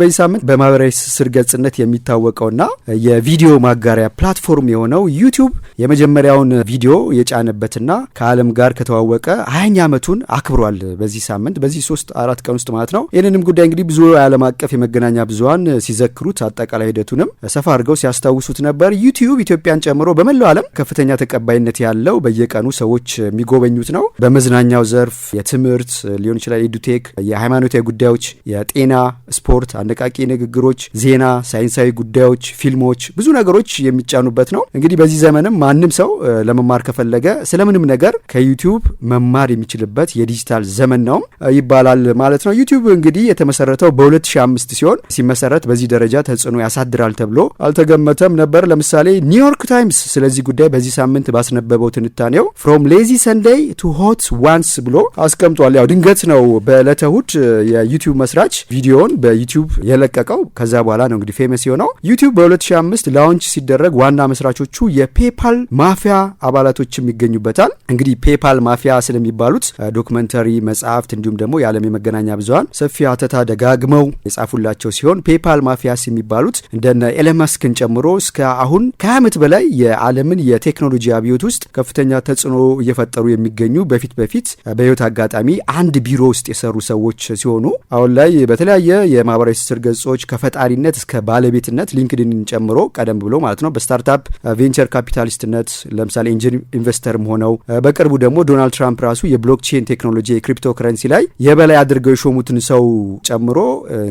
በዚህ ሳምንት በማህበራዊ ትስስር ገጽነት የሚታወቀውና የቪዲዮ ማጋሪያ ፕላትፎርም የሆነው ዩቲዩብ የመጀመሪያውን ቪዲዮ የጫነበትና ከዓለም ጋር ከተዋወቀ ሀያኛ ዓመቱን አክብሯል። በዚህ ሳምንት በዚህ ሶስት አራት ቀን ውስጥ ማለት ነው። ይህንንም ጉዳይ እንግዲህ ብዙ የዓለም አቀፍ የመገናኛ ብዙሀን ሲዘክሩት አጠቃላይ ሂደቱንም ሰፋ አድርገው ሲያስታውሱት ነበር። ዩቲዩብ ኢትዮጵያን ጨምሮ በመላው ዓለም ከፍተኛ ተቀባይነት ያለው በየቀኑ ሰዎች የሚጎበኙት ነው። በመዝናኛው ዘርፍ የትምህርት ሊሆን ይችላል፣ ኤዱቴክ፣ የሃይማኖታዊ ጉዳዮች፣ የጤና ስፖርት አነቃቂ ንግግሮች፣ ዜና፣ ሳይንሳዊ ጉዳዮች፣ ፊልሞች፣ ብዙ ነገሮች የሚጫኑበት ነው። እንግዲህ በዚህ ዘመንም ማንም ሰው ለመማር ከፈለገ ስለምንም ነገር ከዩቲዩብ መማር የሚችልበት የዲጂታል ዘመን ነው ይባላል ማለት ነው። ዩቲዩብ እንግዲህ የተመሰረተው በ2005 ሲሆን ሲመሰረት በዚህ ደረጃ ተጽዕኖ ያሳድራል ተብሎ አልተገመተም ነበር። ለምሳሌ ኒውዮርክ ታይምስ ስለዚህ ጉዳይ በዚህ ሳምንት ባስነበበው ትንታኔው ፍሮም ሌዚ ሰንደይ ቱ ሆት ዋንስ ብሎ አስቀምጧል። ያው ድንገት ነው። በዕለተ እሁድ የዩቲዩብ መስራች ቪዲዮን በዩቲዩብ የለቀቀው። ከዛ በኋላ ነው እንግዲህ ፌመስ የሆነው። ዩቲዩብ በ2005 ላውንች ሲደረግ ዋና መስራቾቹ የፔፓል ማፊያ አባላቶችም ይገኙበታል። እንግዲህ ፔፓል ማፊያ ስለሚባሉት ዶክመንተሪ፣ መጽሐፍት እንዲሁም ደግሞ የዓለም የመገናኛ ብዙሀን ሰፊ አተታ ደጋግመው የጻፉላቸው ሲሆን ፔፓል ማፊያስ የሚባሉት እንደነ ኤለን መስክን ጨምሮ እስከ አሁን ከ20 ዓመት በላይ የዓለምን የቴክኖሎጂ አብዮት ውስጥ ከፍተኛ ተጽዕኖ እየፈጠሩ የሚገኙ በፊት በፊት በህይወት አጋጣሚ አንድ ቢሮ ውስጥ የሰሩ ሰዎች ሲሆኑ አሁን ላይ በተለያየ የማህበራዊ አስር ገጾች ከፈጣሪነት እስከ ባለቤትነት ሊንክድን ጨምሮ ቀደም ብሎ ማለት ነው በስታርታፕ ቬንቸር ካፒታሊስትነት ለምሳሌ ኢንጂን ኢንቨስተርም ሆነው በቅርቡ ደግሞ ዶናልድ ትራምፕ ራሱ የብሎክቼን ቴክኖሎጂ የክሪፕቶ ከረንሲ ላይ የበላይ አድርገው የሾሙትን ሰው ጨምሮ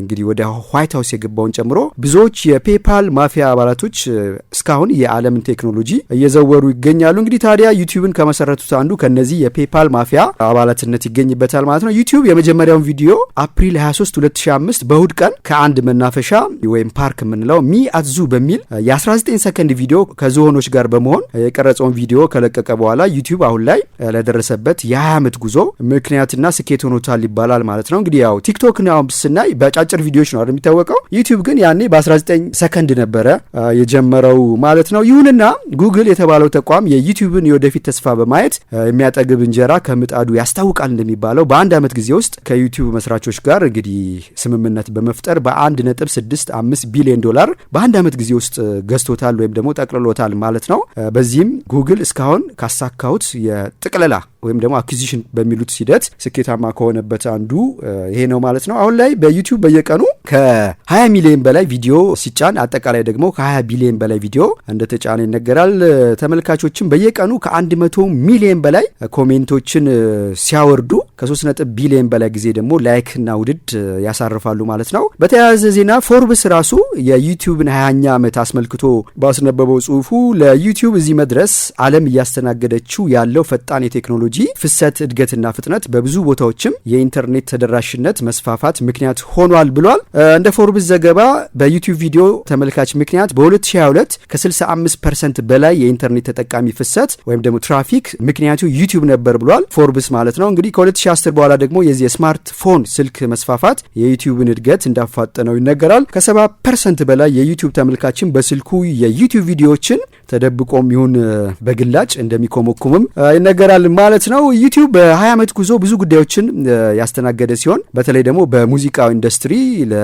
እንግዲህ ወደ ዋይት ሀውስ የገባውን ጨምሮ ብዙዎች የፔፓል ማፊያ አባላቶች እስካሁን የዓለምን ቴክኖሎጂ እየዘወሩ ይገኛሉ። እንግዲህ ታዲያ ዩቲዩብን ከመሰረቱት አንዱ ከነዚህ የፔፓል ማፊያ አባላትነት ይገኝበታል ማለት ነው። ዩቲዩብ የመጀመሪያውን ቪዲዮ አፕሪል 23 2005 በእሁድ ቀን ከአንድ መናፈሻ ወይም ፓርክ የምንለው ሚ አትዙ በሚል የ19 ሰከንድ ቪዲዮ ከዝሆኖች ጋር በመሆን የቀረጸውን ቪዲዮ ከለቀቀ በኋላ ዩቲዩብ አሁን ላይ ለደረሰበት የ20 ዓመት ጉዞ ምክንያትና ስኬት ሆኖታል ይባላል ማለት ነው። እንግዲህ ያው ቲክቶክ ስናይ በጫጭር ቪዲዮዎች ነው የሚታወቀው። ዩቲዩብ ግን ያኔ በ19 ሰከንድ ነበረ የጀመረው ማለት ነው። ይሁንና ጉግል የተባለው ተቋም የዩቲዩብን የወደፊት ተስፋ በማየት የሚያጠግብ እንጀራ ከምጣዱ ያስታውቃል እንደሚባለው በአንድ ዓመት ጊዜ ውስጥ ከዩቲዩብ መስራቾች ጋር እንግዲህ ስምምነት በመፍጠር በስተቀር በ1.65 ቢሊዮን ዶላር በአንድ ዓመት ጊዜ ውስጥ ገዝቶታል ወይም ደግሞ ጠቅልሎታል ማለት ነው። በዚህም ጉግል እስካሁን ካሳካሁት የጥቅለላ ወይም ደግሞ አኩዚሽን በሚሉት ሂደት ስኬታማ ከሆነበት አንዱ ይሄ ነው ማለት ነው። አሁን ላይ በዩቲዩብ በየቀኑ ከ20 ሚሊዮን በላይ ቪዲዮ ሲጫን አጠቃላይ ደግሞ ከ20 ቢሊዮን በላይ ቪዲዮ እንደተጫነ ይነገራል። ተመልካቾችን በየቀኑ ከ100 ሚሊዮን በላይ ኮሜንቶችን ሲያወርዱ ከ3 ቢሊዮን በላይ ጊዜ ደግሞ ላይክና ውድድ ያሳርፋሉ ማለት ነው። በተያያዘ ዜና ፎርብስ ራሱ የዩቲዩብን 20ኛ ዓመት አስመልክቶ ባስነበበው ጽሁፉ ለዩቲዩብ እዚህ መድረስ ዓለም እያስተናገደችው ያለው ፈጣን የቴክኖሎጂ ፍሰት እድገትና ፍጥነት በብዙ ቦታዎችም የኢንተርኔት ተደራሽነት መስፋፋት ምክንያት ሆኗል ብሏል። እንደ ፎርብስ ዘገባ በዩቲዩብ ቪዲዮ ተመልካች ምክንያት በ2022 ከ65 ፐርሰንት በላይ የኢንተርኔት ተጠቃሚ ፍሰት ወይም ደግሞ ትራፊክ ምክንያቱ ዩቲዩብ ነበር ብሏል። ፎርብስ ማለት ነው። እንግዲህ ከ2010 በኋላ ደግሞ የዚህ የስማርትፎን ስልክ መስፋፋት የዩቲዩብን እድገት እንዳፋጠነው ይነገራል። ከ70 ፐርሰንት በላይ የዩቲዩብ ተመልካችን በስልኩ የዩቲዩብ ቪዲዮዎችን ተደብቆም ይሁን በግላጭ እንደሚኮመኩምም ይነገራል ማለት ነው። ዩቲዩብ በ20 ዓመት ጉዞ ብዙ ጉዳዮችን ያስተናገደ ሲሆን በተለይ ደግሞ በሙዚቃው ኢንዱስትሪ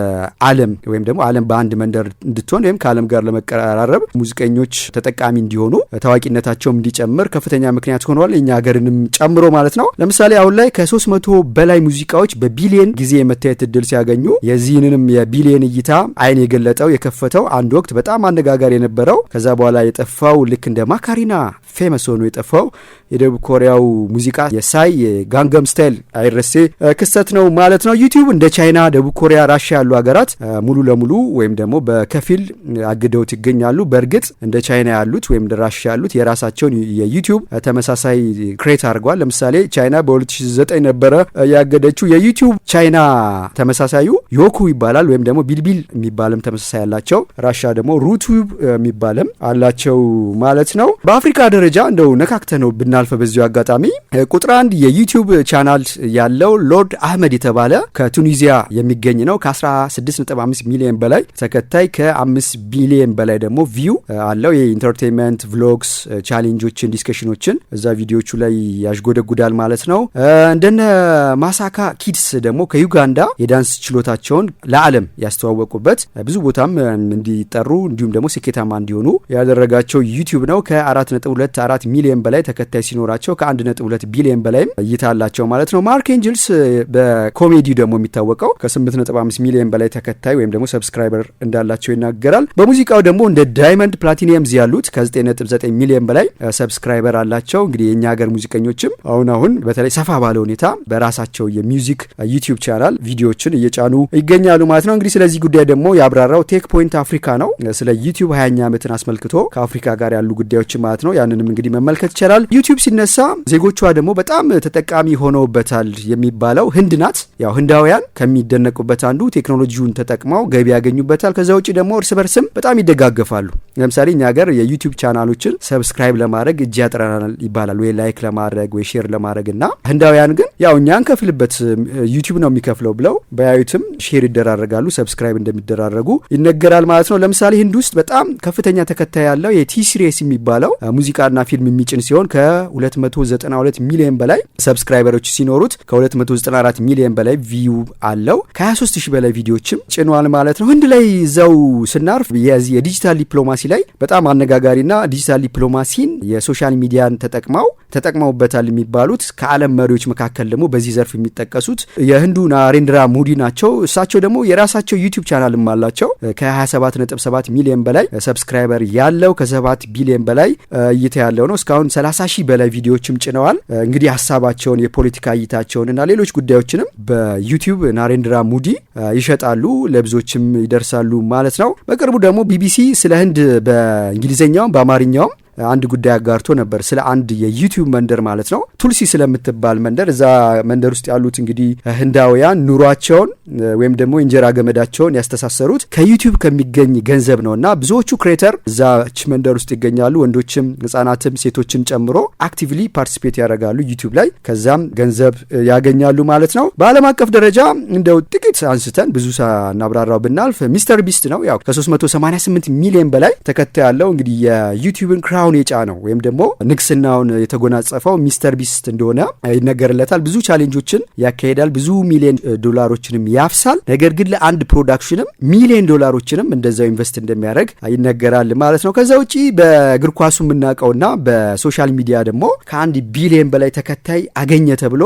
ከዓለም ወይም ደግሞ ዓለም በአንድ መንደር እንድትሆን ወይም ከዓለም ጋር ለመቀራረብ ሙዚቀኞች ተጠቃሚ እንዲሆኑ ታዋቂነታቸውም እንዲጨምር ከፍተኛ ምክንያት ሆነዋል። የኛ ሀገርንም ጨምሮ ማለት ነው። ለምሳሌ አሁን ላይ ከሶስት መቶ በላይ ሙዚቃዎች በቢሊየን ጊዜ የመታየት እድል ሲያገኙ የዚህንንም የቢሊየን እይታ አይን የገለጠው የከፈተው አንድ ወቅት በጣም አነጋጋሪ የነበረው ከዛ በኋላ የጠፋው ልክ እንደ ማካሪና ፌመስ ሆኖ የጠፋው የደቡብ ኮሪያው ሙዚቃ የሳይ የጋንገም ስታይል አይረሴ ክስተት ነው ማለት ነው። ዩቲዩብ እንደ ቻይና፣ ደቡብ ኮሪያ፣ ራሽያ ያሉ ያሉ ሀገራት ሙሉ ለሙሉ ወይም ደግሞ በከፊል አግደውት ይገኛሉ። በእርግጥ እንደ ቻይና ያሉት ወይም ራሽ ያሉት የራሳቸውን የዩቲዩብ ተመሳሳይ ክሬት አድርጓል። ለምሳሌ ቻይና በ2009 ነበረ ያገደችው የዩቲዩብ ቻይና ተመሳሳዩ ዮኩ ይባላል። ወይም ደግሞ ቢልቢል የሚባልም ተመሳሳይ አላቸው ራሻ ደግሞ ሩቱብ የሚባልም አላቸው ማለት ነው። በአፍሪካ ደረጃ እንደው ነካክተ ነው ብናልፈ በዚሁ አጋጣሚ ቁጥር አንድ የዩቲዩብ ቻናል ያለው ሎርድ አህመድ የተባለ ከቱኒዚያ የሚገኝ ነው ከ 65 ሚሊዮን በላይ ተከታይ ከ5 ቢሊዮን በላይ ደግሞ ቪው አለው። የኢንተርቴንመንት ቭሎግስ፣ ቻሌንጆችን፣ ዲስከሽኖችን እዛ ቪዲዮቹ ላይ ያሽጎደጉዳል ማለት ነው። እንደነ ማሳካ ኪድስ ደግሞ ከዩጋንዳ የዳንስ ችሎታቸውን ለዓለም ያስተዋወቁበት ብዙ ቦታም እንዲጠሩ እንዲሁም ደግሞ ስኬታማ እንዲሆኑ ያደረጋቸው ዩቲዩብ ነው። ከ4.24 ሚሊዮን በላይ ተከታይ ሲኖራቸው ከ1.2 ቢሊዮን በላይም እይታ አላቸው ማለት ነው። ማርክ ኤንጅልስ በኮሜዲ ደግሞ የሚታወቀው ከ8.5 ሚሊዮን ከሚሊዮን በላይ ተከታይ ወይም ደግሞ ሰብስክራይበር እንዳላቸው ይናገራል። በሙዚቃው ደግሞ እንደ ዳይመንድ ፕላቲኒየምዝ ያሉት ከ9.9 ሚሊዮን በላይ ሰብስክራይበር አላቸው። እንግዲህ የእኛ ሀገር ሙዚቀኞችም አሁን አሁን በተለይ ሰፋ ባለ ሁኔታ በራሳቸው የሚውዚክ ዩቲዩብ ቻናል ቪዲዮዎችን እየጫኑ ይገኛሉ ማለት ነው። እንግዲህ ስለዚህ ጉዳይ ደግሞ ያብራራው ቴክ ፖይንት አፍሪካ ነው። ስለ ዩቲዩብ ሀያኛ ዓመትን አስመልክቶ ከአፍሪካ ጋር ያሉ ጉዳዮችን ማለት ነው። ያንንም እንግዲህ መመልከት ይቻላል። ዩቲዩብ ሲነሳ ዜጎቿ ደግሞ በጣም ተጠቃሚ ሆነውበታል የሚባለው ህንድ ናት። ያው ህንዳውያን ከሚደነቁበት አንዱ ቴክኖ ቴክኖሎጂውን ተጠቅመው ገቢ ያገኙበታል። ከዛ ውጭ ደግሞ እርስ በርስም በጣም ይደጋገፋሉ። ለምሳሌ እኛ ሀገር የዩቲዩብ ቻናሎችን ሰብስክራይብ ለማድረግ እጅ ያጥረናል ይባላል፣ ወይ ላይክ ለማድረግ ወይ ሼር ለማድረግ እና ህንዳውያን ግን ያው እኛ እንከፍልበት ዩቲዩብ ነው የሚከፍለው ብለው በያዩትም ሼር ይደራረጋሉ፣ ሰብስክራይብ እንደሚደራረጉ ይነገራል ማለት ነው። ለምሳሌ ህንድ ውስጥ በጣም ከፍተኛ ተከታይ ያለው የቲሲሬስ የሚባለው ሙዚቃና ፊልም የሚጭን ሲሆን ከ292 ሚሊዮን በላይ ሰብስክራይበሮች ሲኖሩት ከ294 ሚሊዮን በላይ ቪው አለው። ከ23 ሺህ በላይ ቪዲዮችም ጭኗል ማለት ነው። ህንድ ላይ ዘው ስናርፍ የዚህ የዲጂታል ዲፕሎማሲ ላይ በጣም አነጋጋሪና ዲጂታል ዲፕሎማሲን የሶሻል ሚዲያን ተጠቅመው ተጠቅመውበታል የሚባሉት ከዓለም መሪዎች መካከል ደግሞ በዚህ ዘርፍ የሚጠቀሱት የህንዱ ናሬንድራ ሙዲ ናቸው። እሳቸው ደግሞ የራሳቸው ዩቲዩብ ቻናልም አላቸው ከ277 ሚሊዮን በላይ ሰብስክራይበር ያለው ከ7 ቢሊዮን በላይ እይታ ያለው ነው። እስካሁን 30 ሺህ በላይ ቪዲዮዎችም ጭነዋል። እንግዲህ ሀሳባቸውን፣ የፖለቲካ እይታቸውን እና ሌሎች ጉዳዮችንም በዩቲዩብ ናሬንድራ ሙዲ ይሸ ይሸጣሉ፣ ለብዙዎችም ይደርሳሉ ማለት ነው። በቅርቡ ደግሞ ቢቢሲ ስለ ህንድ በእንግሊዝኛውም በአማርኛውም አንድ ጉዳይ አጋርቶ ነበር ስለ አንድ የዩቲዩብ መንደር ማለት ነው ቱልሲ ስለምትባል መንደር እዛ መንደር ውስጥ ያሉት እንግዲህ ህንዳውያን ኑሯቸውን ወይም ደግሞ እንጀራ ገመዳቸውን ያስተሳሰሩት ከዩቲዩብ ከሚገኝ ገንዘብ ነው እና ብዙዎቹ ክሬተር እዛች መንደር ውስጥ ይገኛሉ። ወንዶችም ህጻናትም ሴቶችን ጨምሮ አክቲቭሊ ፓርቲስፔት ያደርጋሉ ዩቲዩብ ላይ ከዛም ገንዘብ ያገኛሉ ማለት ነው። በአለም አቀፍ ደረጃ እንደው ጥቂት አንስተን ብዙ ሳናብራራው ብናልፍ ሚስተር ቢስት ነው ያው ከ388 ሚሊዮን በላይ ተከታ ያለው እንግዲህ የዩቲዩብን ክራውን ዝናውን የጫነው ወይም ደግሞ ንግስናውን የተጎናጸፈው ሚስተር ቢስት እንደሆነ ይነገርለታል። ብዙ ቻሌንጆችን ያካሄዳል። ብዙ ሚሊዮን ዶላሮችንም ያፍሳል። ነገር ግን ለአንድ ፕሮዳክሽንም ሚሊዮን ዶላሮችንም እንደዛው ኢንቨስት እንደሚያደርግ ይነገራል ማለት ነው። ከዛ ውጪ በእግር ኳሱ የምናውቀውና በሶሻል ሚዲያ ደግሞ ከአንድ ቢሊዮን በላይ ተከታይ አገኘ ተብሎ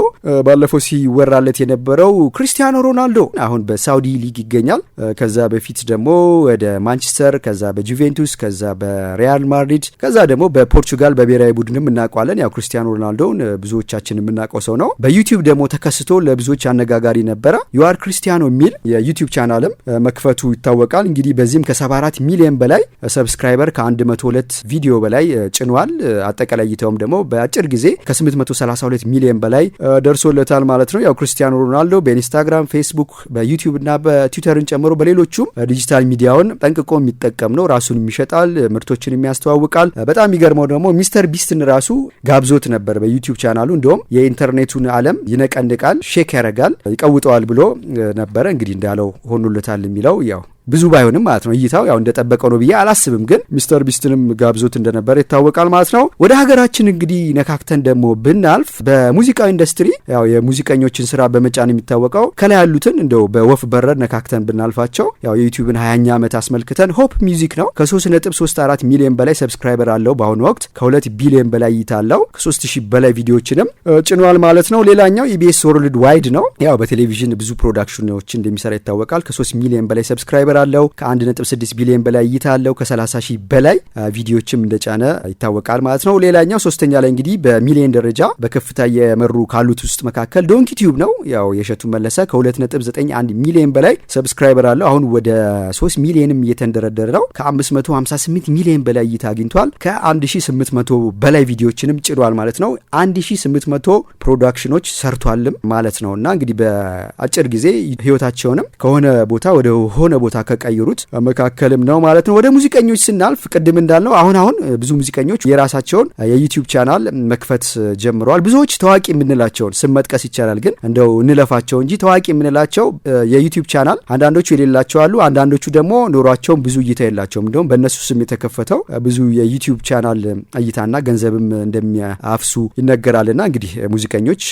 ባለፈው ሲወራለት የነበረው ክሪስቲያኖ ሮናልዶ አሁን በሳውዲ ሊግ ይገኛል። ከዛ በፊት ደግሞ ወደ ማንቸስተር፣ ከዛ በጁቬንቱስ፣ ከዛ በሪያል ማድሪድ፣ ከዛ ደግሞ በፖርቹጋል በብሔራዊ ቡድንም እናውቀዋለን። ያው ክርስቲያኖ ሮናልዶን ብዙዎቻችን የምናውቀው ሰው ነው። በዩቲዩብ ደግሞ ተከስቶ ለብዙዎች አነጋጋሪ ነበረ። ዩአር ክርስቲያኖ የሚል የዩቲዩብ ቻናልም መክፈቱ ይታወቃል። እንግዲህ በዚህም ከ74 ሚሊዮን በላይ ሰብስክራይበር ከ102 ቪዲዮ በላይ ጭኗል። አጠቃላይ እይታውም ደግሞ በአጭር ጊዜ ከ832 ሚሊዮን በላይ ደርሶለታል ማለት ነው። ያው ክርስቲያኖ ሮናልዶ በኢንስታግራም፣ ፌስቡክ፣ በዩቲዩብ እና በትዊተርን ጨምሮ በሌሎቹም ዲጂታል ሚዲያውን ጠንቅቆ የሚጠቀም ነው። ራሱን ይሸጣል፣ ምርቶችን የሚያስተዋውቃል። በጣም የሚገርመው ደግሞ ሚስተር ቢስትን ራሱ ጋብዞት ነበር በዩቲዩብ ቻናሉ። እንዲሁም የኢንተርኔቱን ዓለም ይነቀንቃል፣ ሼክ ያረጋል፣ ይቀውጠዋል ብሎ ነበረ። እንግዲህ እንዳለው ሆኖለታል የሚለው ያው ብዙ ባይሆንም ማለት ነው እይታው ያው እንደጠበቀው ነው ብዬ አላስብም። ግን ሚስተር ቢስትንም ጋብዞት እንደነበረ ይታወቃል ማለት ነው። ወደ ሀገራችን እንግዲህ ነካክተን ደግሞ ብናልፍ በሙዚቃ ኢንዱስትሪ ያው የሙዚቀኞችን ስራ በመጫን የሚታወቀው ከላይ ያሉትን እንደው በወፍ በረር ነካክተን ብናልፋቸው ያው የዩቲዩብን ሀያኛ ዓመት አስመልክተን ሆፕ ሚውዚክ ነው ከ3.34 ሚሊዮን በላይ ሰብስክራይበር አለው በአሁኑ ወቅት ከ2 ቢሊዮን በላይ እይታ አለው ከ3000 በላይ ቪዲዮዎችንም ጭኗል ማለት ነው። ሌላኛው ኢቢኤስ ወርልድ ዋይድ ነው። ያው በቴሌቪዥን ብዙ ፕሮዳክሽኖች እንደሚሰራ ይታወቃል። ከ3 ሚሊዮን በላይ ሰብስክራይበር ቁጥር አለው። ከ1.6 ቢሊዮን በላይ እይታ አለው። ከ30 ሺህ በላይ ቪዲዮዎችም እንደጫነ ይታወቃል ማለት ነው። ሌላኛው ሶስተኛ ላይ እንግዲህ በሚሊዮን ደረጃ በከፍታ የመሩ ካሉት ውስጥ መካከል ዶንኪ ቲዩብ ነው። ያው የእሸቱ መለሰ ከ2.91 ሚሊዮን በላይ ሰብስክራይበር አለው። አሁን ወደ 3 ሚሊዮንም እየተንደረደረ ነው። ከ558 ሚሊዮን በላይ እይታ አግኝቷል። ከ1800 በላይ ቪዲዮዎችንም ጭኗል ማለት ነው። 1800 ፕሮዳክሽኖች ሰርቷልም ማለት ነው እና እንግዲህ በአጭር ጊዜ ህይወታቸውንም ከሆነ ቦታ ወደ ሆነ ቦታ ከቀይሩት መካከልም ነው ማለት ነው። ወደ ሙዚቀኞች ስናልፍ ቅድም እንዳልነው አሁን አሁን ብዙ ሙዚቀኞች የራሳቸውን የዩቲዩብ ቻናል መክፈት ጀምረዋል። ብዙዎች ታዋቂ የምንላቸውን ስም መጥቀስ ይቻላል፣ ግን እንደው እንለፋቸው እንጂ ታዋቂ የምንላቸው የዩቲዩብ ቻናል አንዳንዶቹ የሌላቸው አሉ። አንዳንዶቹ ደግሞ ኖሯቸውም ብዙ እይታ የላቸውም። እንደውም በእነሱ ስም የተከፈተው ብዙ የዩቲዩብ ቻናል እይታና ገንዘብም እንደሚያፍሱ ይነገራልና እንግዲህ ሙዚቀኞች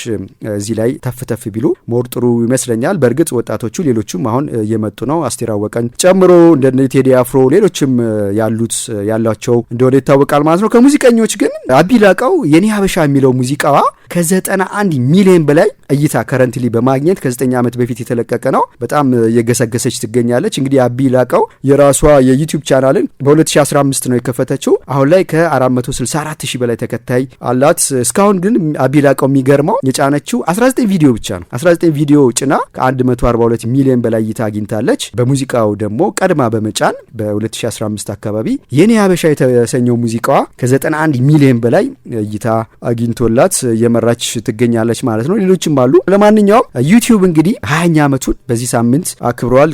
እዚህ ላይ ተፍተፍ ቢሉ ሞር ጥሩ ይመስለኛል። በእርግጥ ወጣቶቹ ሌሎቹም አሁን እየመጡ ነው። አስቴር አወቀ መለሰን ጨምሮ እንደ ቴዲ አፍሮ ሌሎችም ያሉት ያላቸው እንደሆነ ይታወቃል ማለት ነው። ከሙዚቀኞች ግን አቢ ላቀው የኔ ሀበሻ የሚለው ሙዚቃዋ ከ91 ሚሊዮን በላይ እይታ ከረንትሊ በማግኘት ከ9 ዓመት በፊት የተለቀቀ ነው። በጣም የገሰገሰች ትገኛለች። እንግዲህ አቢ ላቀው የራሷ የዩቲዩብ ቻናልን በ2015 ነው የከፈተችው። አሁን ላይ ከ464 ሺህ በላይ ተከታይ አላት። እስካሁን ግን አቢ ላቀው የሚገርመው የጫነችው 19 ቪዲዮ ብቻ ነው። 19 ቪዲዮ ጭና ከ142 ሚሊዮን በላይ እይታ አግኝታለች። በሙዚቃው ደግሞ ቀድማ በመጫን በ2015 አካባቢ የኔ ሀበሻ የተሰኘው ሙዚቃዋ ከ91 ሚሊዮን በላይ እይታ አግኝቶላት እየመራች ትገኛለች ማለት ነው። ሌሎችም አሉ። ለማንኛውም ዩቲዩብ እንግዲህ ሀያኛ ዓመቱን በዚህ ሳምንት አክብረዋል።